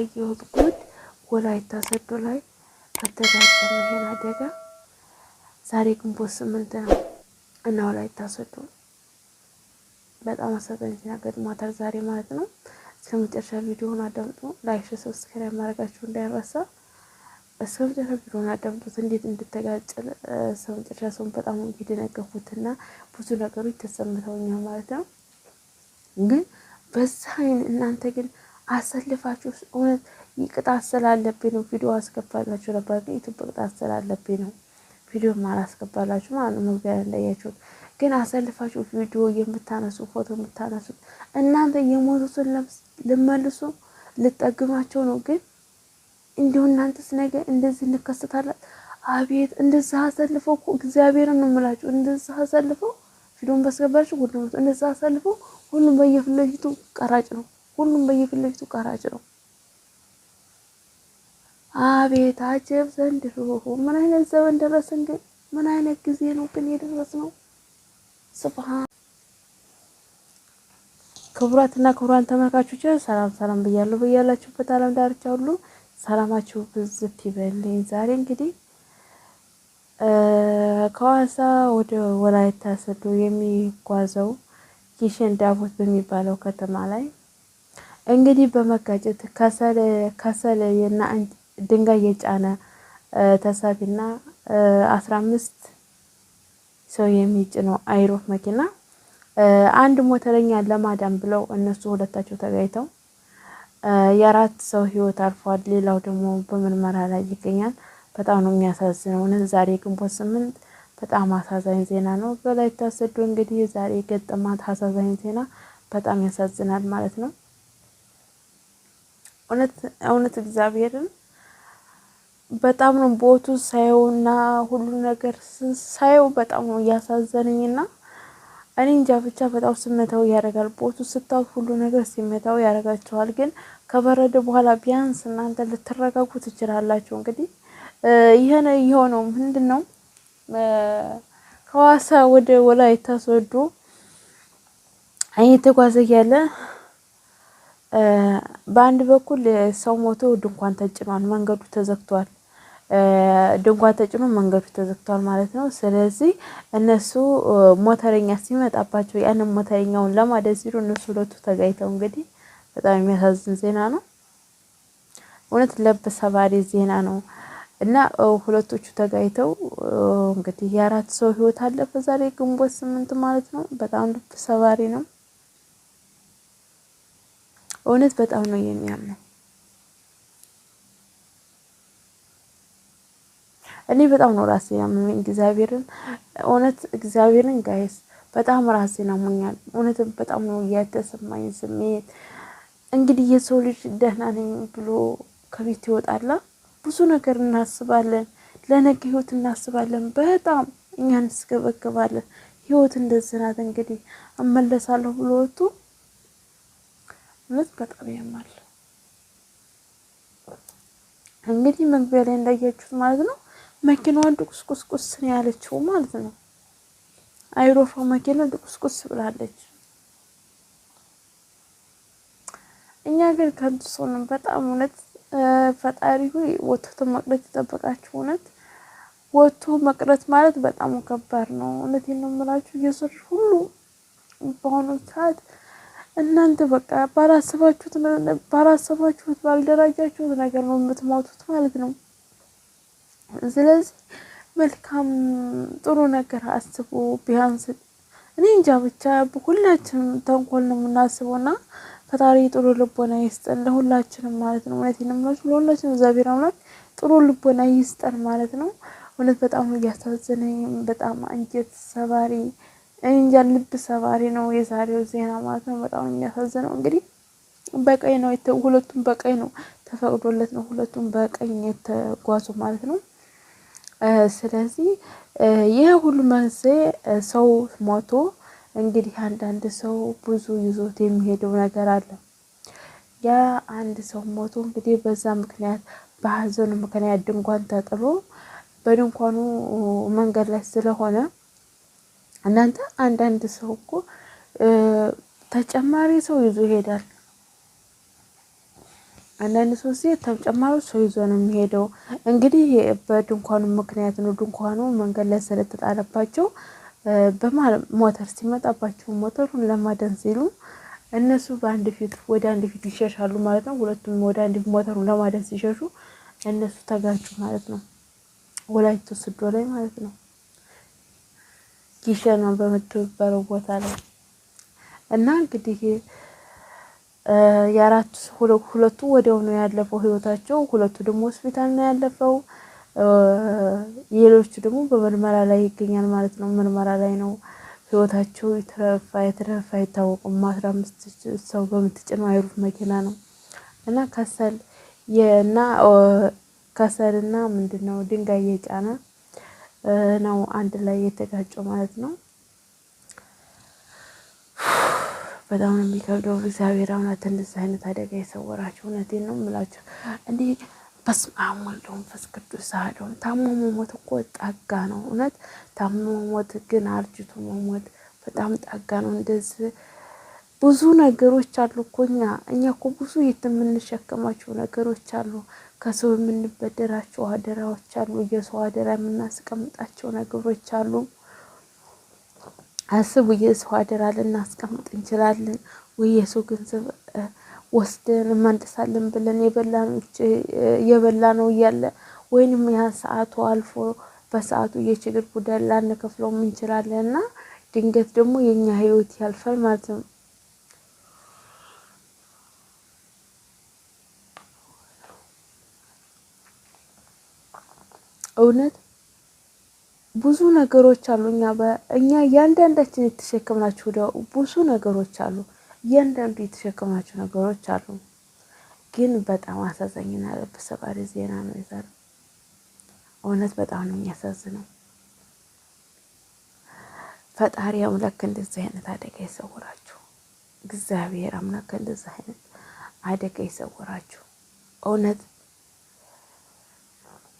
ላይ ጉድ ወላይታ ሰዶ ላይ አተጋጠመ ይሄን አደጋ። ዛሬ ግንቦት ስምንት ነው እና ወላይታ ሰዶ በጣም አሳዛኝ ነገር ገጥሟታል ዛሬ ማለት ነው። እስከ መጨረሻ ቪዲዮውን አዳምጡ። ላይክ፣ ሼር፣ ሰብስክራይብ ማድረጋችሁ እንዳይረሳ። እስከ መጨረሻ ቪዲዮውን አዳምጡት። እንዴት እንድተጋጨ እስከ መጨረሻ ሰውን በጣም የደነገፉትና ብዙ ነገሮች ተሰምተውኛል ማለት ነው ግን በዛ አይን እናንተ ግን አሰልፋችሁ እውነት ቅጣት ስላለብኝ ነው ቪዲዮ አስገባላችሁ ነበር፣ ግን ዩቱብ ቅጣት ስላለብኝ ነው ቪዲዮ አላስገባላችሁ ማለት ነው። መግቢያ እንዳያችሁት ግን አሰልፋችሁ ቪዲዮ የምታነሱ ፎቶ የምታነሱት እናንተ የሞቱትን ልመልሱ ልጠግማቸው ነው። ግን እንዲሁ እናንተስ ነገ እንደዚህ እንከስታላት። አቤት እንደዛ አሰልፈው እግዚአብሔርን ነው የምላችሁ። እንደዛ አሰልፈው ቪዲዮን ባስገባችሁ ሁሉም እንደዛ አሰልፈው ሁሉም በየፊት ለፊቱ ቀራጭ ነው። ሁሉም በየፊት ለፊቱ ቀራጭ ነው። አቤት አጀብ ዘንድሮ! ምን አይነት ዘመን ደረስን ግን! ምን አይነት ጊዜ ነው ግን የደረስነው! ስብሃን ክቡራትና ክቡራን ተመልካቾች ሰላም ሰላም ብያለሁ። በያላችሁበት ዓለም ዳርቻ ሁሉ ሰላማችሁ ብዝት ይበልኝ። ዛሬ እንግዲህ ከዋሳ ወደ ወላይታ ሰዶ የሚጓዘው ጊሸን ዳቦት በሚባለው ከተማ ላይ እንግዲህ በመጋጨት ከሰል እና ድንጋይ የጫነ ተሳቢና አስራ አምስት ሰው የሚጭነው አይሮፍ መኪና አንድ ሞተረኛ ለማዳን ብለው እነሱ ሁለታቸው ተጋይተው የአራት ሰው ህይወት አልፏል። ሌላው ደግሞ በምርመራ ላይ ይገኛል። በጣም ነው የሚያሳዝነው። ዛሬ ግንቦት ስምንት በጣም አሳዛኝ ዜና ነው። በላይ ታሰዶ እንግዲህ ዛሬ የገጠማት አሳዛኝ ዜና በጣም ያሳዝናል ማለት ነው። እውነት እግዚአብሔርን በጣም ነው ቦቱ ሳየውና ሁሉ ነገር ሳየው በጣም ነው እና እኔ እንጃ ብቻ በጣም ስሜታዊ ያደርጋል። ቦቱ ስታዩት ሁሉ ነገር ስሜታዊ ያደርጋቸዋል። ግን ከበረደ በኋላ ቢያንስ እናንተ ልትረጋጉ ትችላላችሁ። እንግዲህ ይህን የሆነው ምንድን ነው ከዋሳ ወደ ወላይታ ሶዶ እየተጓዘ ያለ በአንድ በኩል ሰው ሞቶ ድንኳን ተጭኗል፣ መንገዱ ተዘግቷል። ድንኳን ተጭኖ መንገዱ ተዘግቷል ማለት ነው። ስለዚህ እነሱ ሞተረኛ ሲመጣባቸው ያንን ሞተረኛውን ለማደን ሲሉ እነሱ ሁለቱ ተጋይተው እንግዲህ በጣም የሚያሳዝን ዜና ነው። እውነት ለበሰባሪ ዜና ነው እና ሁለቶቹ ተጋይተው እንግዲህ የአራት ሰው ህይወት አለፈ ዛሬ ግንቦት ስምንት ማለት ነው። በጣም ልብ ሰባሪ ነው። እውነት በጣም ነው የሚያምን። እኔ በጣም ነው ራሴ ያመመኝ እግዚአብሔርን እውነት እግዚአብሔርን ጋይስ በጣም ራሴን አሞኛል። እውነትም በጣም ነው እያተሰማኝ ስሜት እንግዲህ የሰው ልጅ ደህና ነኝ ብሎ ከቤት ይወጣላ። ብዙ ነገር እናስባለን፣ ለነገ ህይወት እናስባለን። በጣም እኛን ስገበገባለን። ህይወት እንደዚህ ናት እንግዲህ እመለሳለሁ ብሎ ወጥቶ እውነት በጣም ያማል። እንግዲህ መግቢያ ላይ እንዳያችሁት ማለት ነው መኪናዋ ድቁስቁስቁስ ነው ያለችው ማለት ነው። አይሮፋ መኪና ድቁስቁስ ብላለች። እኛ ግን ከንቱ ሰው ነን በጣም እውነት። ፈጣሪ ሆይ ወጥቶ መቅረት ይጠበቃችሁ። እውነት ወጥቶ መቅረት ማለት በጣም ከባድ ነው። እውነቴን ነው የምላችሁ የሰዎች ሁሉ በአሁኑ ሰዓት እናንተ በቃ ባላሰባችሁት ባላሰባችሁት ባልደራጃችሁት ነገር ነው የምትሞቱት ማለት ነው። ስለዚህ መልካም ጥሩ ነገር አስቡ። ቢያንስ እኔ እንጃ ብቻ ሁላችንም ተንኮል ነው የምናስበው የምናስበውና ፈጣሪ ጥሩ ልቦና ይስጠን ለሁላችንም ማለት ነው። እውነት የምላችሁ ለሁላችን እግዚአብሔር አምላክ ጥሩ ልቦና ይስጠን ማለት ነው። እውነት በጣም እያሳዘነኝ በጣም አንጀት ሰባሪ እንጃ ልብ ሰባሪ ነው የዛሬው ዜና ማለት ነው። በጣም የሚያሳዝነው እንግዲህ በቀኝ ነው ሁለቱም በቀኝ ነው ተፈቅዶለት ነው ሁለቱም በቀኝ የተጓዙ ማለት ነው። ስለዚህ ይህ ሁሉ መንስኤ ሰው ሞቶ እንግዲህ አንዳንድ ሰው ብዙ ይዞት የሚሄደው ነገር አለ። ያ አንድ ሰው ሞቶ እንግዲህ በዛ ምክንያት በሀዘኑ ምክንያት ድንኳን ተጥሎ በድንኳኑ መንገድ ላይ ስለሆነ እናንተ አንዳንድ ሰው እኮ ተጨማሪ ሰው ይዞ ይሄዳል። አንዳንድ ሰው ሲ ተጨማሪ ሰው ይዞ ነው የሚሄደው። እንግዲህ በድንኳኑ ምክንያት ነው። ድንኳኑ መንገድ ላይ ስለተጣለባቸው በሞተር ሲመጣባቸው ሞተሩን ለማደን ሲሉ እነሱ በአንድ ፊት ወደ አንድ ፊት ይሸሻሉ ማለት ነው። ሁለቱም ወደ አንድ ፊት ሞተሩን ለማደን ሲሸሹ እነሱ ተጋጩ ማለት ነው። ወላይቶ ስዶ ላይ ማለት ነው። ነው በምትበረው ቦታ ላይ እና እንግዲህ የአራቱ ሁለቱ ወዲያው ነው ያለፈው ህይወታቸው። ሁለቱ ደግሞ ሆስፒታል ነው ያለፈው። ሌሎቹ ደግሞ በምርመራ ላይ ይገኛል ማለት ነው። ምርመራ ላይ ነው ህይወታቸው የተረፋ የተረፋ አይታወቅም። አስራ አምስት ሰው በምትጭነው አይሩፍ መኪና ነው እና ከሰል የና ከሰልና ምንድን ነው ድንጋይ የጫነ ነው አንድ ላይ የተጋጨው ማለት ነው። በጣም ነው የሚከብደው። እግዚአብሔር አሁናት እንደዚህ አይነት አደጋ የሰወራቸው እውነቴን ነው የምላቸው። እንዲህ በስመ አብ ወወልድ ወመንፈስ ቅዱስ አሐዱ ታሞ መሞት እኮ ጣጋ ነው እውነት። ታሞ መሞት ግን አርጅቶ መሞት በጣም ጣጋ ነው። እንደዚህ ብዙ ነገሮች አሉ እኮ እኛ እኛ እኮ ብዙ የምንሸከማቸው ነገሮች አሉ። ከሰው የምንበደራቸው አደራዎች አሉ። የሰው አደራ የምናስቀምጣቸው ነገሮች አሉ። አስቡ፣ የሰው አደራ ልናስቀምጥ እንችላለን ወይ የሰው ገንዘብ ወስደን ማንደሳለን ብለን የበላ ነው እያለ ወይንም ያ ሰዓቱ አልፎ በሰዓቱ የችግር ጉዳይ ላንከፍለውም እንችላለን እና ድንገት ደግሞ የኛ ህይወት ያልፋል ማለት ነው። እውነት ብዙ ነገሮች አሉ። እኛ እኛ እያንዳንዳችን የተሸከምናቸው ብዙ ነገሮች አሉ። እያንዳንዱ የተሸከምናቸው ነገሮች አሉ። ግን በጣም አሳዛኝና ልብ ሰባሪ ዜና ነው የዛሬው። እውነት በጣም ነው የሚያሳዝነው። ፈጣሪ አምላክ እንደዚህ አይነት አደጋ ይሰውራችሁ። እግዚአብሔር አምላክ እንደዚህ አይነት አደጋ ይሰውራችሁ። እውነት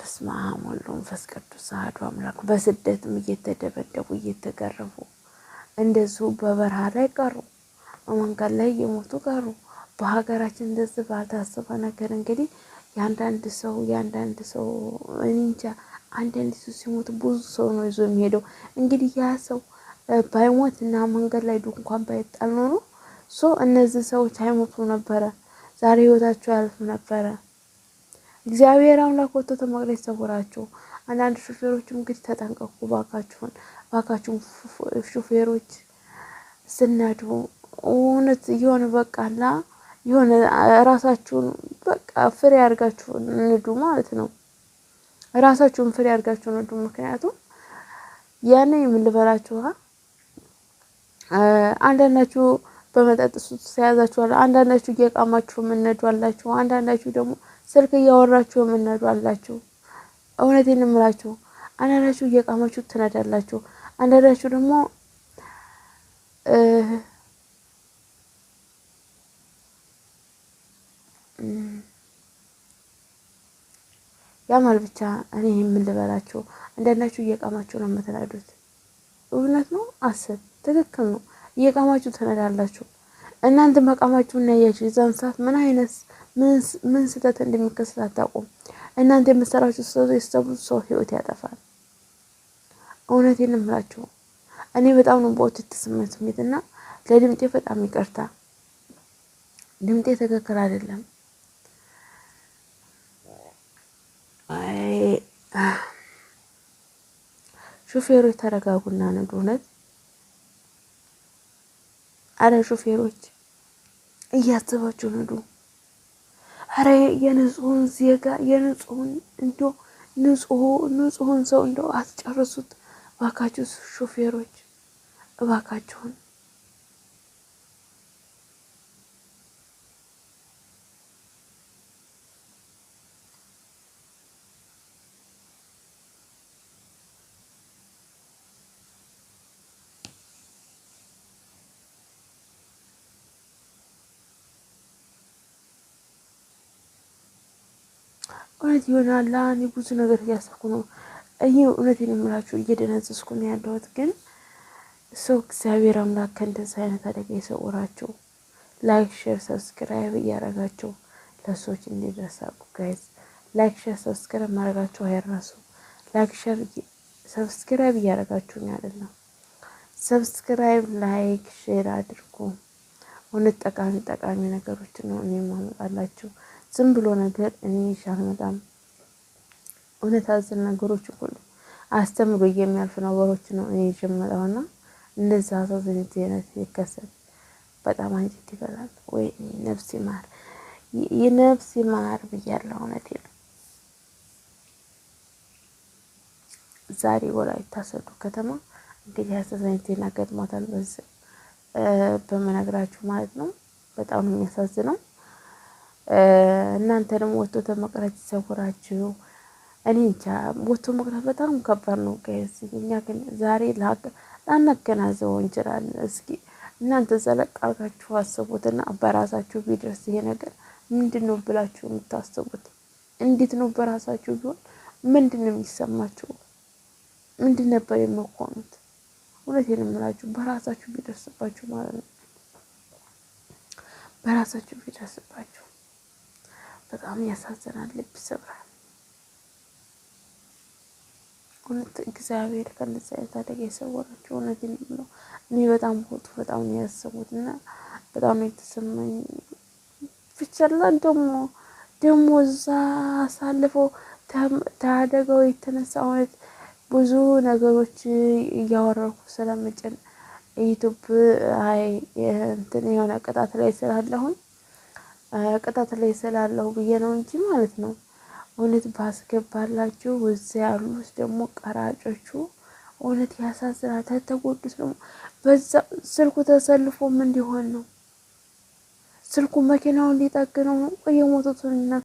በስመ አብ ወወልድ ወመንፈስ ቅዱስ አሐዱ አምላክ። በስደትም እየተደበደቡ እየተገረፉ እንደዚሁ በበረሃ ላይ ቀሩ፣ በመንገድ ላይ እየሞቱ ቀሩ። በሀገራችን እንደዚህ ባልታሰበ ነገር እንግዲህ የአንዳንድ ሰው የአንዳንድ ሰው እንጃ አንዳንድ ሰው ሲሞት ብዙ ሰው ነው ይዞ የሚሄደው። እንግዲህ ያ ሰው ባይሞት እና መንገድ ላይ ድንኳን ባይጣል ኖሮ እነዚህ ሰዎች አይሞቱ ነበረ፣ ዛሬ ህይወታቸው ያልፍ ነበረ። እግዚአብሔር አምላክ ወጥቶ ተመቅደስ ይሰውራችሁ። አንዳንድ ሹፌሮችም እንግዲህ ተጠንቀቁ ባካችሁን፣ ባካችሁን ሹፌሮች ስነዱ እውነት የሆነ በቃላ የሆነ ራሳችሁን በቃ ፍሬ አድርጋችሁ ንዱ ማለት ነው። ራሳችሁን ፍሬ አድርጋችሁ ንዱ። ምክንያቱም ያንን የምልበላችሁ አንዳንዳችሁ በመጠጥ ሱስ ተያዛችሁ አንዳንዳችሁ እየቃማችሁ የምነዱ አንዳንዳችሁ ደግሞ ስልክ እያወራችሁ የምነዱ እውነት እውነቴን አንዳንዳችሁ እየቃማችሁ ትነዳላችሁ። አንዳንዳችሁ ደግሞ ያማል ብቻ እኔ የምልበላችሁ አንዳንዳችሁ እየቃማችሁ ነው የምትናዱት። እውነት ነው፣ አስብ ትክክል ነው። እየቃማችሁ ትነዳላችሁ። እናንተ መቃማችሁ ያያችሁ የዛን ሰዓት ምን አይነት ምን ስህተት እንደሚከሰት አታውቁም። እናንተ የምሰራችሁ ስህተት የሰቡ ሰው ህይወት ያጠፋል። እውነቴን እምላችሁ እኔ በጣም ነው በኦቲት ስሜት ስሜት እና ለድምጤ በጣም ይቅርታ፣ ድምጤ ትክክል አይደለም። ሹፌሮች ተረጋጉና ንዱ እውነት አረ ሹፌሮች እያሰባችሁ ንዱ። አረ የንጹህን ዜጋ የንጹህን እንዶ ንጹህ ንጹህን ሰው እንዶ አስጨርሱት። እባካችሁ ሹፌሮች እባካችሁን እውነት ይሆናል። እኔ ብዙ ነገር እያሰብኩ ነው። ይህ እውነት የምላችሁ እየደነዘዝኩ ነው ያለሁት። ግን ሰው እግዚአብሔር አምላክ ከእንደዚ አይነት አደጋ የሰውራቸው። ላይክ፣ ሼር፣ ሰብስክራይብ እያረጋቸው ለሰዎች እንዲደርስ አድርጉ ጋይዝ። ላይክ፣ ሼር፣ ሰብስክራይብ ማድረጋቸው አይረሱ። ላይክ፣ ሼር፣ ሰብስክራይብ እያረጋችሁ ነው አይደለም። ሰብስክራይብ፣ ላይክ፣ ሼር አድርጉ። እውነት ጠቃሚ ጠቃሚ ነገሮችን ነው እኔ ማመጣላችሁ። ዝም ብሎ ነገር እኔ ይሻል መጣም እውነት አዘል ነገሮች ሁሉ አስተምሮ የሚያልፍ ነገሮች ነው እኔ ይዤ የምመጣውና እንደዛ ሰው ዝንት አይነት ይከሰት በጣም አንጀት ይበላል። ወይ ነፍስ ይማር የነፍስ ይማር ብያለሁ። እውነት ነው። ዛሬ ወላይታ ሶዶ ከተማ እንግዲህ ሀሰተኛ ዜና ገጥሟታል። በዚህ በመነግራችሁ ማለት ነው። በጣም ነው የሚያሳዝነው። እናንተ ደግሞ ወጥቶ ተመቅረት ይሰውራችሁ። እኔ እንጃ ወጥቶ መቅረት በጣም ከባድ ነው። እኛ ግን ዛሬ ላናገናዘው እንችላለን። እስኪ እናንተ ዘለቅ አርጋችሁ አስቡትና በራሳችሁ ቢደርስ ይሄ ነገር ምንድን ነው ብላችሁ የምታስቡት? እንዴት ነው በራሳችሁ ቢሆን ምንድን ነው የሚሰማችሁ? ምንድን ነበር የመኮኑት? እውነት የምላችሁ በራሳችሁ ቢደርስባችሁ ማለት ነው በራሳችሁ ቢደርስባችሁ በጣም ያሳዝናል፣ ልብ ይሰብራል። እውነት እግዚአብሔር ከእንደዚህ አይነት አደጋ የሰወራቸው እውነት ነው። እኔ በጣም ቦቱ በጣም ነው ያሰቡት እና በጣም የተሰማኝ ብቻላ ደግሞ ደግሞ እዛ አሳልፎ ተደገው የተነሳ እውነት ብዙ ነገሮች እያወረርኩ ስለምጭን ዩቱብ አይ እንትን የሆነ ቅጣት ላይ ስላለሁን ቅጣት ላይ ስላለው ብዬ ነው እንጂ ማለት ነው። እውነት ባስገባላችሁ እዚያ ያሉት ደግሞ ቀራጮቹ እውነት ያሳዝናል። ተተጎዱት ደግሞ በዛ ስልኩ ተሰልፎም እንዲሆን ነው ስልኩ መኪናውን እንዲጠግነው ነው የሞቱትን